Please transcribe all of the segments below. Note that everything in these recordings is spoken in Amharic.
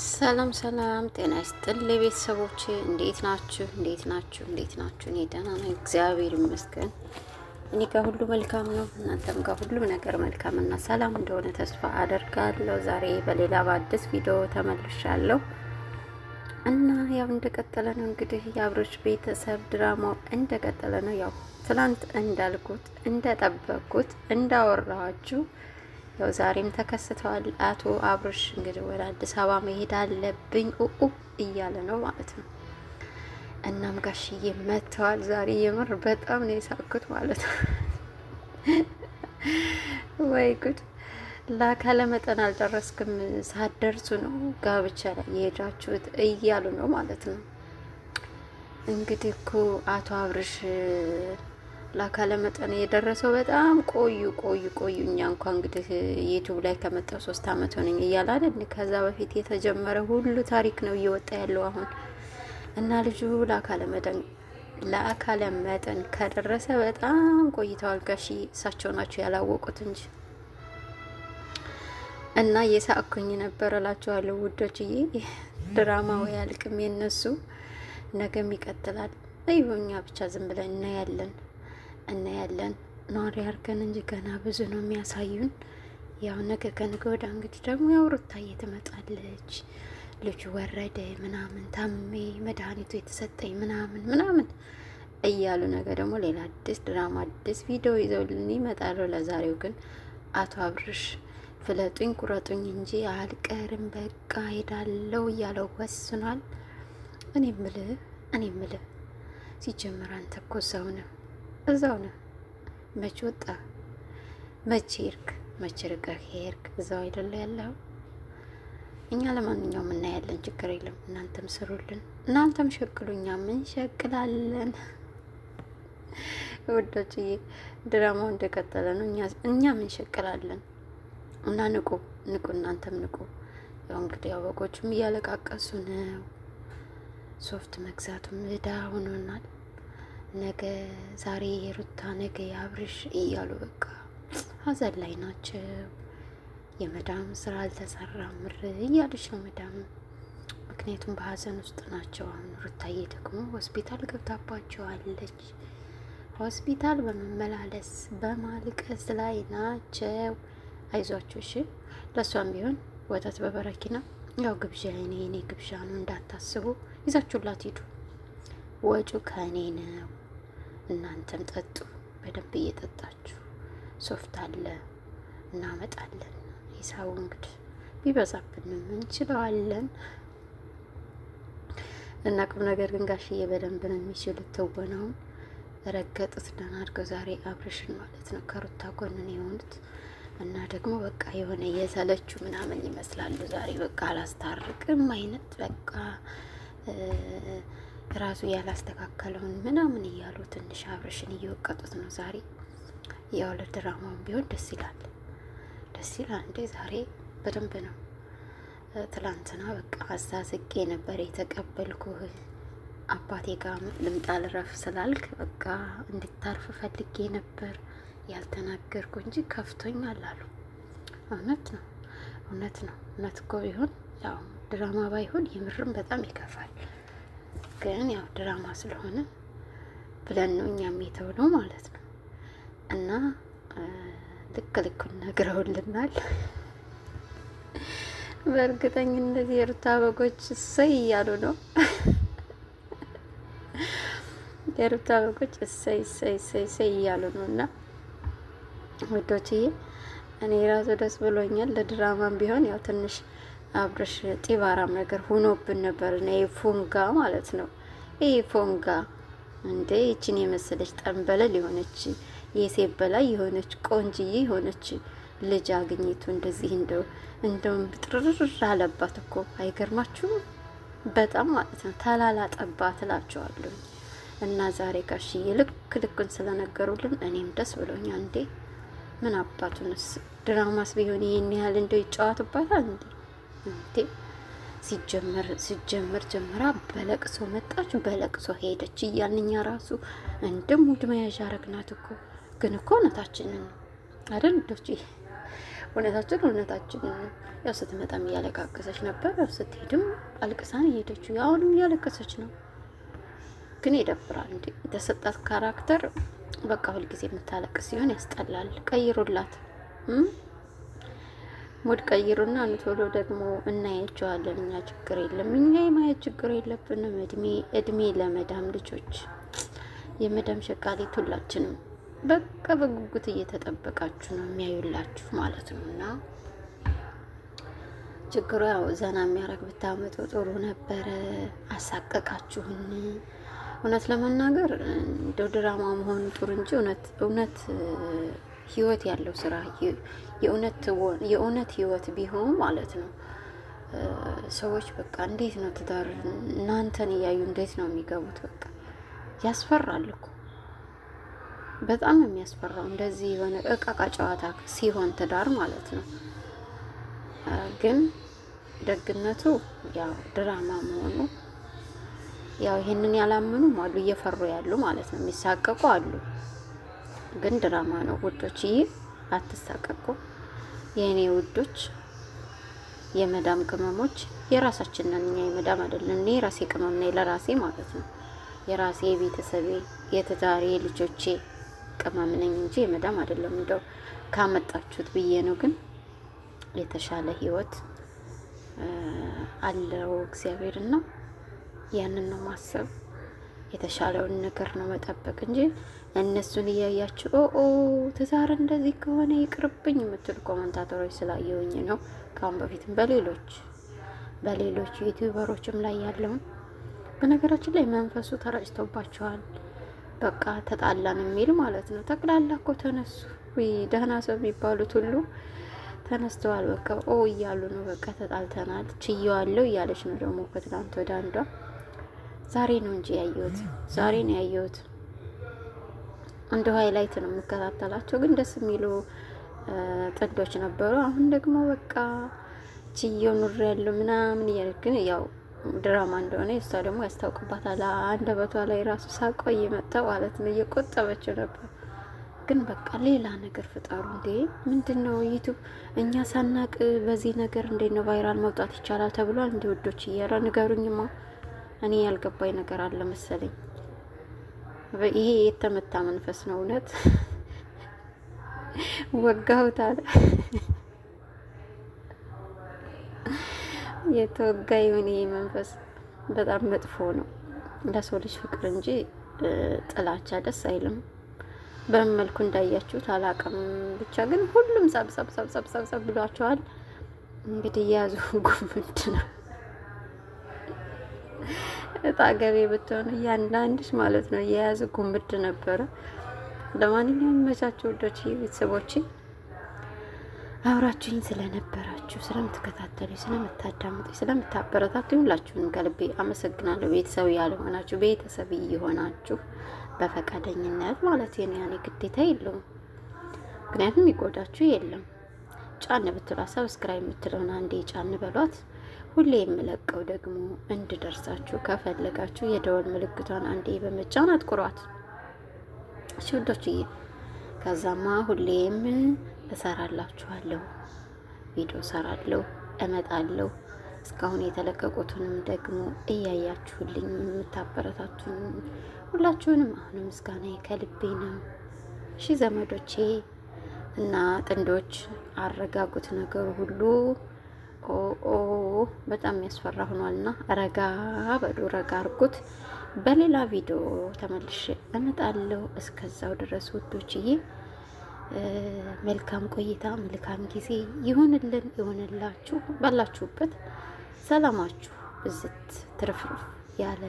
ሰላም ሰላም፣ ጤና ይስጥል ቤተሰቦቼ፣ እንዴት ናችሁ? እንዴት ናችሁ? እንዴት ናችሁ? እኔ ደህና ነኝ፣ እግዚአብሔር ይመስገን። እኔ ጋር ሁሉ መልካም ነው፣ እናንተም ጋር ሁሉም ነገር መልካም እና ሰላም እንደሆነ ተስፋ አደርጋለሁ። ዛሬ በሌላ በአዲስ ቪዲዮ ተመልሻለሁ እና ያው እንደቀጠለ ነው እንግዲህ የአብርሽ ቤተሰብ ድራማው እንደቀጠለ ነው። ያው ትናንት እንዳልኩት እንደጠበቅኩት እንዳወራኋችሁ ያው ዛሬም ተከስተዋል። አቶ አብርሽ እንግዲህ ወደ አዲስ አበባ መሄድ አለብኝ ኡኡ እያለ ነው ማለት ነው። እናም ጋሽዬ መጥተዋል። ዛሬ የምር በጣም ነው የሳቅኩት ማለት ነው። ወይ ጉድ! ለአካለ መጠን አልደረስክም ሳደርሱ ነው ጋብቻ ላይ የሄዳችሁት እያሉ ነው ማለት ነው። እንግዲህ እኮ አቶ አብርሽ ለአካለ መጠን የደረሰው በጣም ቆዩ ቆዩ ቆዩ። እኛ እንኳ እንግዲህ ዩቱብ ላይ ከመጣው ሶስት አመት ሆነኝ እያለ አይደል? ከዛ በፊት የተጀመረ ሁሉ ታሪክ ነው እየወጣ ያለው አሁን እና ልጁ ለአካለ መጠን ለአካለ መጠን ከደረሰ በጣም ቆይተዋል። ጋሺ እሳቸው ናቸው ያላወቁት እንጂ እና የሳቅኩኝ ነበር እላችኋለሁ ውዶችዬ። ድራማው ያልቅም የነሱ ነገም ይቀጥላል። እኛ ብቻ ዝም ብለን እናያለን። እናያለን። ኗሪ አርገን እንጂ ገና ብዙ ነው የሚያሳዩን። ያው ነገ ከነገ ወዲያ እንግዲህ ደግሞ ያው ሩታዬ ትመጣለች። ልጁ ወረደ ምናምን ታሜ መድኃኒቱ የተሰጠኝ ምናምን ምናምን እያሉ ነገ ደግሞ ሌላ አዲስ ድራማ አዲስ ቪዲዮ ይዘውልን ይመጣሉ። ለዛሬው ግን አቶ አብርሽ ፍለጡኝ ቁረጡኝ እንጂ አልቀርም በቃ ሄዳለው እያለው ወስኗል። እኔ ምልህ እኔ ምልህ ሲጀምር አንተ እኮ ሰው ነው እዛው ነው መቼ ወጣ? መቼ ሄድክ? መቼ ርቀህ ሄድክ? እዛው አይደለ ያለው። እኛ ለማንኛውም እናያለን፣ ችግር የለም። እናንተም ስሩልን፣ እናንተም ሸቅሉኛ፣ ምን ሸቅላለን። ወዳችዬ ድራማው እንደቀጠለ ነው። እኛ ምን ሸቅላለን እና ንቁ ንቁ፣ እናንተም ንቁ። ያው እንግዲህ ያው እያለቃቀሱ ነው። ሶፍት መግዛቱም እዳ ሆኖናል። ነገ ዛሬ የሩታ ነገ ያብርሽ እያሉ በቃ ሀዘን ላይ ናቸው። የመዳም ስራ ምር እያለች ነው መዳም። ምክንያቱም በሀዘን ውስጥ ናቸው። አሁን ሩታዬ ደግሞ ሆስፒታል ገብታባቸዋለች። ሆስፒታል በመመላለስ በማልቀስ ላይ ናቸው። አይዟቸው እሺ። ለእሷም ቢሆን ወተት በበረኪና ያው ግብዣ ኔ እኔ ግብዣ ነው እንዳታስቡ፣ ይዛችሁላት ሂዱ። ወጪው ከእኔ ነው። እናንተም ጠጡ፣ በደንብ እየጠጣችሁ ሶፍት አለ እናመጣለን። ሂሳቡ እንግዲህ ቢበዛብንም እንችለዋለን እና ቁም ነገር ግን ጋሽዬ በደንብ ነው የሚችል ትወናውን ረገጡት ደህና አድርገው ዛሬ አብርሽን ማለት ነው ከሩታ ጎንን የሆኑት እና ደግሞ በቃ የሆነ የሰለቹ ምናምን ይመስላሉ። ዛሬ በቃ አላስታርቅም አይነት በቃ ራሱ ያላስተካከለውን ምናምን እያሉ ትንሽ አብርሽን እየወቀጡት ነው። ዛሬ ያው ለድራማውን ቢሆን ደስ ይላል፣ ደስ ይላል እንዴ! ዛሬ በደንብ ነው። ትላንትና በቃ አዛዝቄ ነበር የተቀበልኩህ አባቴ ጋር ልምጣ ልረፍ ስላልክ በቃ እንድታርፍ ፈልጌ ነበር ያልተናገርኩ እንጂ ከፍቶኛል አሉ። እውነት ነው፣ እውነት ነው። እውነት እኮ ቢሆን ያው ድራማ ባይሆን የምርም በጣም ይከፋል። ግን ያው ድራማ ስለሆነ ብለን ነው እኛም የተውነው ማለት ነው። እና ልክ ልኩን ነግረውልናል። በእርግጠኝነት የሩታ በጎች እሰይ እያሉ ነው። የሩታ በጎች እሰይ እሰይ እሰይ እሰይ እያሉ ነው። እና ውዶችዬ እኔ ራሱ ደስ ብሎኛል። ለድራማም ቢሆን ያው ትንሽ አብረሽ ጢባራም ነገር ሆኖብን ነበር እና የፎንጋ ማለት ነው። ይህ ፎንጋ እንዴ ይችን የመሰለች ጠንበለል የሆነች የሴት በላይ የሆነች ቆንጅዬ የሆነች ልጅ አግኝቱ እንደዚህ እንደው እንደውም ብጥርር አለባት እኮ አይገርማችሁም? በጣም ማለት ነው ተላላጠባት እላቸዋለሁ። እና ዛሬ ጋሽዬ ልክ ልኩን ስለነገሩልን እኔም ደስ ብሎኛል። እንዴ ምን አባቱንስ ድራማስ ቢሆን ይህን ያህል እንደው ይጫወትባታል እንዴ? እንዴ ሲጀመር ሲጀመር ጀምራ በለቅሶ መጣች፣ በለቅሶ ሄደች እያልንኛ ራሱ እንደ ሙድ መያዣ አረግናት እኮ። ግን እኮ እውነታችንን አይደል ልጆች፣ እውነታችን እውነታችንን ያው ስትመጣም እያለቃቀሰች ነበር፣ ያው ስትሄድም አልቅሳን ሄደችው። አሁንም እያለቀሰች ነው። ግን ይደብራል እንዴ! የተሰጣት ካራክተር በቃ ሁልጊዜ የምታለቅስ ሲሆን ያስጠላል። ቀይሩላት። ሙድ ቀይሩና ቶሎ ደግሞ እናያቸዋለን። እኛ ችግር የለም፣ እኛ የማየት ችግር የለብንም። እድሜ እድሜ ለመዳም ልጆች የመዳም ሸቃሌት ሁላችንም በቃ በጉጉት እየተጠበቃችሁ ነው የሚያዩላችሁ ማለት ነው። እና ችግሩ ያው ዘና የሚያደርግ ብታመጡ ጥሩ ነበረ። አሳቀቃችሁን። እውነት ለመናገር እንደው ድራማ መሆኑ ጥሩ እንጂ እውነት እውነት ህይወት ያለው ስራ የእውነት ህይወት ቢሆን ማለት ነው። ሰዎች በቃ እንዴት ነው ትዳር እናንተን እያዩ እንዴት ነው የሚገቡት? በቃ ያስፈራል እኮ በጣም የሚያስፈራው እንደዚህ የሆነ እቃቃ ጨዋታ ሲሆን ትዳር ማለት ነው። ግን ደግነቱ ያው ድራማ መሆኑ ያው ይህንን ያላመኑም አሉ፣ እየፈሩ ያሉ ማለት ነው። የሚሳቀቁ አሉ። ግን ድራማ ነው ይህ አትሳቀቁ የእኔ ውዶች። የመዳም ቅመሞች የራሳችንን እኛ፣ የመዳም አይደለም። እኔ የራሴ ቅመም ነኝ ለራሴ ማለት ነው። የራሴ የቤተሰቤ የትዳሬ ልጆቼ ቅመም ነኝ እንጂ የመዳም አይደለም። እንደው ካመጣችሁት ብዬ ነው። ግን የተሻለ ህይወት አለው እግዚአብሔርና ያንን ነው ማሰብ የተሻለውን ነገር ነው መጠበቅ እንጂ እነሱን እያያችሁ ኦ ትዛር እንደዚህ ከሆነ ይቅርብኝ የምትሉ ኮመንታተሮች ስላየውኝ ነው። ከአሁን በፊትም በሌሎች በሌሎች ዩቲዩበሮችም ላይ ያለውን በነገራችን ላይ መንፈሱ ተረጭቶባቸዋል። በቃ ተጣላን የሚል ማለት ነው። ጠቅላላ እኮ ተነሱ። ደህና ሰው የሚባሉት ሁሉ ተነስተዋል። በቃ ኦ እያሉ ነው። በቃ ተጣልተናል፣ ችየዋለው እያለች ነው ደግሞ ከትናንት ወደ አንዷ ዛሬ ነው እንጂ ያየሁት፣ ዛሬ ነው ያየሁት። እንደ ሃይላይት ነው የምከታተላቸው፣ ግን ደስ የሚሉ ጥንዶች ነበሩ። አሁን ደግሞ በቃ ችዬው ኑር ያለው ምናምን እያለች ግን ያው ድራማ እንደሆነ እሷ ደግሞ ያስታውቅባታል። አንደበቷ ላይ ራሱ ሳቆይ መጣ ማለት ነው። እየቆጠበችው ነበር፣ ግን በቃ ሌላ ነገር ፍጠሩ እንዴ! ምንድን ነው ዩቱብ? እኛ ሳናቅ በዚህ ነገር እንዴት ነው ቫይራል መውጣት ይቻላል ተብሏል? እንዲ ወዶች እያለ ንገሩኝማ። እኔ ያልገባኝ ነገር አለ መሰለኝ። ይሄ የተመታ መንፈስ ነው። እውነት ወጋውታል የተወጋ ይሁን። ይሄ መንፈስ በጣም መጥፎ ነው። ለሰው ልጅ ፍቅር እንጂ ጥላቻ ደስ አይልም። በምን መልኩ እንዳያችሁት አላውቅም። ብቻ ግን ሁሉም ሳብ ብሏቸዋል። እንግዲህ የያዙ ጉምድ ነው። እጣ ገቢ ብትሆኑ እያንዳንድሽ ማለት ነው የያዝ ጉምድ ነበረ። ለማንኛውም መቻቸው ወዶች ቤተሰቦች አብራችሁኝ ስለነበራችሁ፣ ስለምትከታተሉ፣ ስለምታዳምጡ፣ ስለምታበረታቱ ሁላችሁንም ከልቤ አመሰግናለሁ። ቤተሰብ ያልሆናችሁ ቤተሰብ እየሆናችሁ በፈቃደኝነት ማለት ነው ያኔ ግዴታ የለውም። ምክንያቱም ይጎዳችሁ የለም። ጫን ብትሏት ሰብስክራይብ የምትለውን አንዴ ጫን በሏት። ሁሌ የምለቀው ደግሞ እንድደርሳችሁ ከፈለጋችሁ የደወል ምልክቷን አንዴ በመጫን አትቁሯት ሽዶችዬ። ከዛማ ሁሌም እሰራላችኋለሁ፣ ቪዲዮ እሰራለሁ፣ እመጣለሁ። እስካሁን የተለቀቁትንም ደግሞ እያያችሁልኝ የምታበረታቱን ሁላችሁንም አሁንም ምስጋና ከልቤ ነው። ሺ ዘመዶቼ እና ጥንዶች አረጋጉት ነገር ሁሉ ኦ በጣም የሚያስፈራ ሆኗል። እና ረጋ በሉ ረጋ አርጉት። በሌላ ቪዲዮ ተመልሼ እመጣለሁ። እስከዛው ድረስ ውዶችዬ መልካም ቆይታ መልካም ጊዜ ይሁንልን ይሁንላችሁ። ባላችሁበት ሰላማችሁ ብዝት ትርፍርፍ ያለ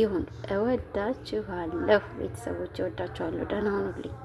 ይሁን። እወዳችኋለሁ ቤተሰቦች፣ እወዳችኋለሁ። ደህና ሁኑልኝ።